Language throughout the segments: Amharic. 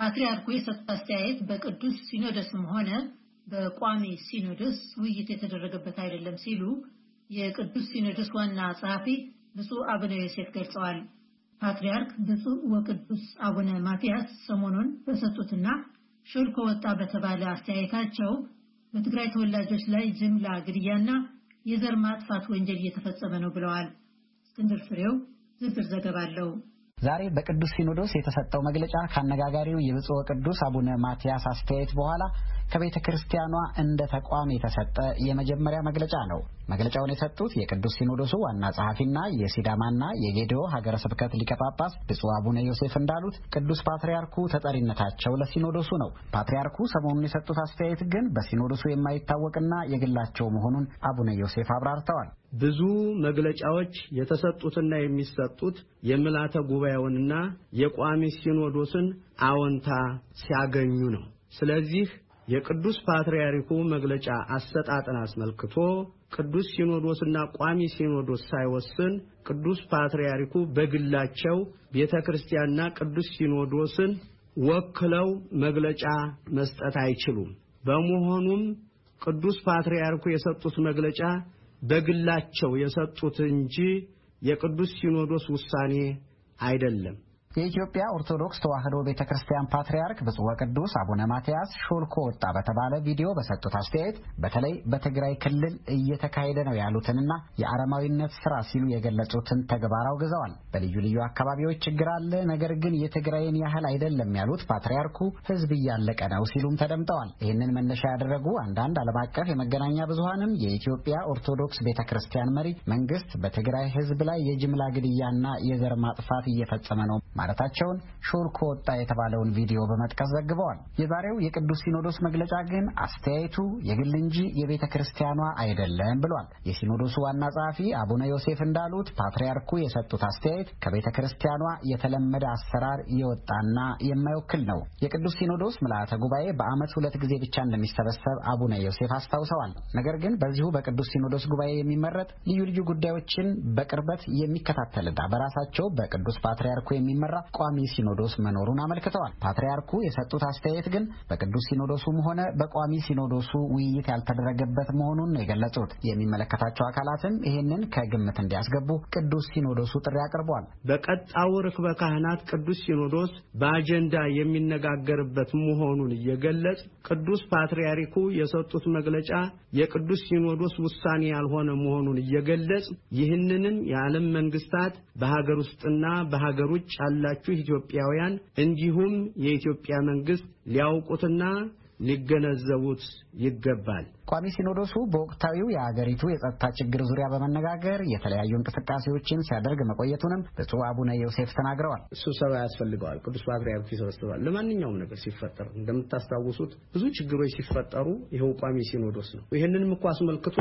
ፓትርያርኩ የሰጡት አስተያየት በቅዱስ ሲኖደስም ሆነ በቋሚ ሲኖደስ ውይይት የተደረገበት አይደለም ሲሉ የቅዱስ ሲኖደስ ዋና ጸሐፊ ብፁዕ አቡነ ዮሴፍ ገልጸዋል። ፓትርያርክ ብፁዕ ወቅዱስ አቡነ ማትያስ ሰሞኑን በሰጡትና ሾልኮ ወጣ በተባለ አስተያየታቸው በትግራይ ተወላጆች ላይ ጅምላ ግድያና የዘር ማጥፋት ወንጀል እየተፈጸመ ነው ብለዋል። እስክንድር ፍሬው ዝርዝር ዘገባ አለው። ዛሬ በቅዱስ ሲኖዶስ የተሰጠው መግለጫ ከአነጋጋሪው የብፁዕ ቅዱስ አቡነ ማትያስ አስተያየት በኋላ ከቤተ ክርስቲያኗ እንደ ተቋም የተሰጠ የመጀመሪያ መግለጫ ነው። መግለጫውን የሰጡት የቅዱስ ሲኖዶሱ ዋና ጸሐፊና የሲዳማና የጌዲዮ ሀገረ ስብከት ሊቀጳጳስ ብፁዕ አቡነ ዮሴፍ እንዳሉት ቅዱስ ፓትርያርኩ ተጠሪነታቸው ለሲኖዶሱ ነው። ፓትርያርኩ ሰሞኑን የሰጡት አስተያየት ግን በሲኖዶሱ የማይታወቅና የግላቸው መሆኑን አቡነ ዮሴፍ አብራርተዋል። ብዙ መግለጫዎች የተሰጡትና የሚሰጡት የምልዓተ ጉባኤውንና የቋሚ ሲኖዶስን አዎንታ ሲያገኙ ነው። ስለዚህ የቅዱስ ፓትርያርኩ መግለጫ አሰጣጥን አስመልክቶ ቅዱስ ሲኖዶስና ቋሚ ሲኖዶስ ሳይወስን ቅዱስ ፓትርያርኩ በግላቸው ቤተ ክርስቲያንና ቅዱስ ሲኖዶስን ወክለው መግለጫ መስጠት አይችሉም። በመሆኑም ቅዱስ ፓትርያርኩ የሰጡት መግለጫ በግላቸው የሰጡት እንጂ የቅዱስ ሲኖዶስ ውሳኔ አይደለም። የኢትዮጵያ ኦርቶዶክስ ተዋሕዶ ቤተ ክርስቲያን ፓትርያርክ ብፁዕ ወቅዱስ አቡነ ማትያስ ሾልኮ ወጣ በተባለ ቪዲዮ በሰጡት አስተያየት በተለይ በትግራይ ክልል እየተካሄደ ነው ያሉትንና የአረማዊነት ስራ ሲሉ የገለጹትን ተግባር አውግዘዋል። በልዩ ልዩ አካባቢዎች ችግር አለ፣ ነገር ግን የትግራይን ያህል አይደለም ያሉት ፓትርያርኩ ሕዝብ እያለቀ ነው ሲሉም ተደምጠዋል። ይህንን መነሻ ያደረጉ አንዳንድ ዓለም አቀፍ የመገናኛ ብዙሀንም የኢትዮጵያ ኦርቶዶክስ ቤተ ክርስቲያን መሪ መንግስት በትግራይ ሕዝብ ላይ የጅምላ ግድያና የዘር ማጥፋት እየፈጸመ ነው ማለታቸውን ሾልኮ ወጣ የተባለውን ቪዲዮ በመጥቀስ ዘግበዋል። የዛሬው የቅዱስ ሲኖዶስ መግለጫ ግን አስተያየቱ የግል እንጂ የቤተ ክርስቲያኗ አይደለም ብሏል። የሲኖዶሱ ዋና ጸሐፊ አቡነ ዮሴፍ እንዳሉት ፓትርያርኩ የሰጡት አስተያየት ከቤተ ክርስቲያኗ የተለመደ አሰራር የወጣና የማይወክል ነው። የቅዱስ ሲኖዶስ ምልአተ ጉባኤ በዓመት ሁለት ጊዜ ብቻ እንደሚሰበሰብ አቡነ ዮሴፍ አስታውሰዋል። ነገር ግን በዚሁ በቅዱስ ሲኖዶስ ጉባኤ የሚመረጥ ልዩ ልዩ ጉዳዮችን በቅርበት የሚከታተልና በራሳቸው በቅዱስ ፓትርያርኩ የሚመ የሚመራ ቋሚ ሲኖዶስ መኖሩን አመልክተዋል። ፓትርያርኩ የሰጡት አስተያየት ግን በቅዱስ ሲኖዶሱም ሆነ በቋሚ ሲኖዶሱ ውይይት ያልተደረገበት መሆኑን ነው የገለጹት። የሚመለከታቸው አካላትም ይህንን ከግምት እንዲያስገቡ ቅዱስ ሲኖዶሱ ጥሪ አቅርቧል። በቀጣው ርክበ ካህናት ቅዱስ ሲኖዶስ በአጀንዳ የሚነጋገርበት መሆኑን እየገለጽ ቅዱስ ፓትርያርኩ የሰጡት መግለጫ የቅዱስ ሲኖዶስ ውሳኔ ያልሆነ መሆኑን እየገለጽ ይህንንም የዓለም መንግስታት በሀገር ውስጥና በሀገር ውጭ ያለ ያላችሁ ኢትዮጵያውያን እንዲሁም የኢትዮጵያ መንግስት ሊያውቁትና ሊገነዘቡት ይገባል። ቋሚ ሲኖዶሱ በወቅታዊው የአገሪቱ የጸጥታ ችግር ዙሪያ በመነጋገር የተለያዩ እንቅስቃሴዎችን ሲያደርግ መቆየቱንም ብፁዕ አቡነ ዮሴፍ ተናግረዋል። ስብሰባ ያስፈልገዋል። ቅዱስ ፓትርያርኩ ይሰበስባል። ለማንኛውም ነገር ሲፈጠር እንደምታስታውሱት ብዙ ችግሮች ሲፈጠሩ ይኸው ቋሚ ሲኖዶስ ነው። ይህንንም እኮ አስመልክቶ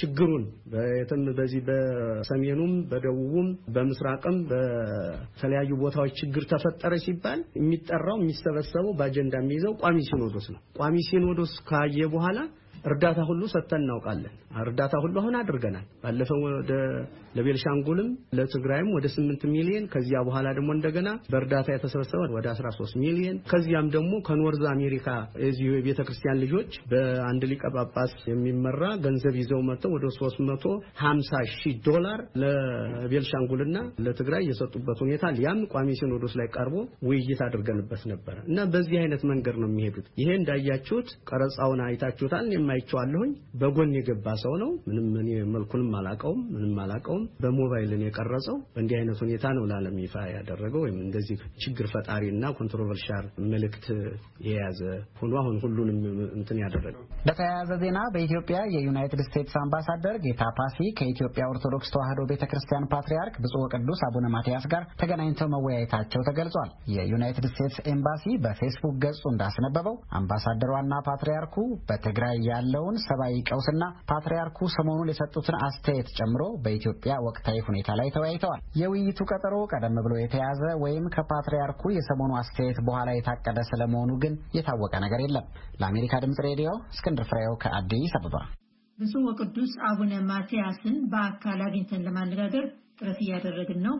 ችግሩን በየትም በዚህ በሰሜኑም በደቡቡም በምስራቅም በተለያዩ ቦታዎች ችግር ተፈጠረ ሲባል የሚጠራው የሚሰበሰበው በአጀንዳ የሚይዘው ቋሚ ሲኖዶስ ነው። ቋሚ ሲኖዶስ ካየ በኋላ እርዳታ ሁሉ ሰጥተን እናውቃለን። እርዳታ ሁሉ አሁን አድርገናል። ባለፈው ወደ ለቤልሻንጉልም ለትግራይም ወደ 8 ሚሊዮን ከዚያ በኋላ ደግሞ እንደገና በእርዳታ የተሰበሰበ ወደ 13 ሚሊዮን ከዚያም ደግሞ ከኖርዝ አሜሪካ የዚሁ የቤተክርስቲያን ልጆች በአንድ ሊቀ ጳጳስ የሚመራ ገንዘብ ይዘው መጥተው ወደ 350 ሺህ ዶላር ለቤልሻንጉልና ለትግራይ የሰጡበት ሁኔታ ያም ቋሚ ሲኖዶስ ላይ ቀርቦ ውይይት አድርገንበት ነበረ እና በዚህ አይነት መንገድ ነው የሚሄዱት። ይሄ እንዳያችሁት ቀረጻውን አይታችሁታል። አይቼዋለሁኝ። በጎን የገባ ሰው ነው። ምንም እኔ መልኩንም አላቀውም፣ ምንም አላቀውም። በሞባይልን የቀረጸው በእንዲህ አይነት ሁኔታ ነው ለዓለም ይፋ ያደረገው ወይም እንደዚህ ችግር ፈጣሪና ኮንትሮቨርሻል መልእክት የያዘ ሆኖ አሁን ሁሉንም እንትን ያደረገው። በተያያዘ ዜና በኢትዮጵያ የዩናይትድ ስቴትስ አምባሳደር ጌታ ፓሲ ከኢትዮጵያ ኦርቶዶክስ ተዋሕዶ ቤተ ክርስቲያን ፓትርያርክ ብፁዕ ወቅዱስ አቡነ ማትያስ ጋር ተገናኝተው መወያየታቸው ተገልጿል። የዩናይትድ ስቴትስ ኤምባሲ በፌስቡክ ገጹ እንዳስነበበው አምባሳደሯና ፓትርያርኩ በትግራይ ያለ ያለውን ሰብአዊ ቀውስና ፓትርያርኩ ሰሞኑን የሰጡትን አስተያየት ጨምሮ በኢትዮጵያ ወቅታዊ ሁኔታ ላይ ተወያይተዋል። የውይይቱ ቀጠሮ ቀደም ብሎ የተያዘ ወይም ከፓትርያርኩ የሰሞኑ አስተያየት በኋላ የታቀደ ስለመሆኑ ግን የታወቀ ነገር የለም። ለአሜሪካ ድምጽ ሬዲዮ እስክንድር ፍሬው ከአዲስ አበባ። ብፁዕ ወቅዱስ አቡነ ማትያስን በአካል አግኝተን ለማነጋገር ጥረት እያደረግን ነው።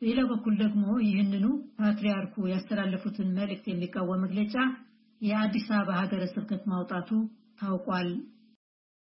በሌላ በኩል ደግሞ ይህንኑ ፓትርያርኩ ያስተላለፉትን መልእክት የሚቃወም መግለጫ የአዲስ አበባ ሀገረ ስብከት ማውጣቱ 陶罐。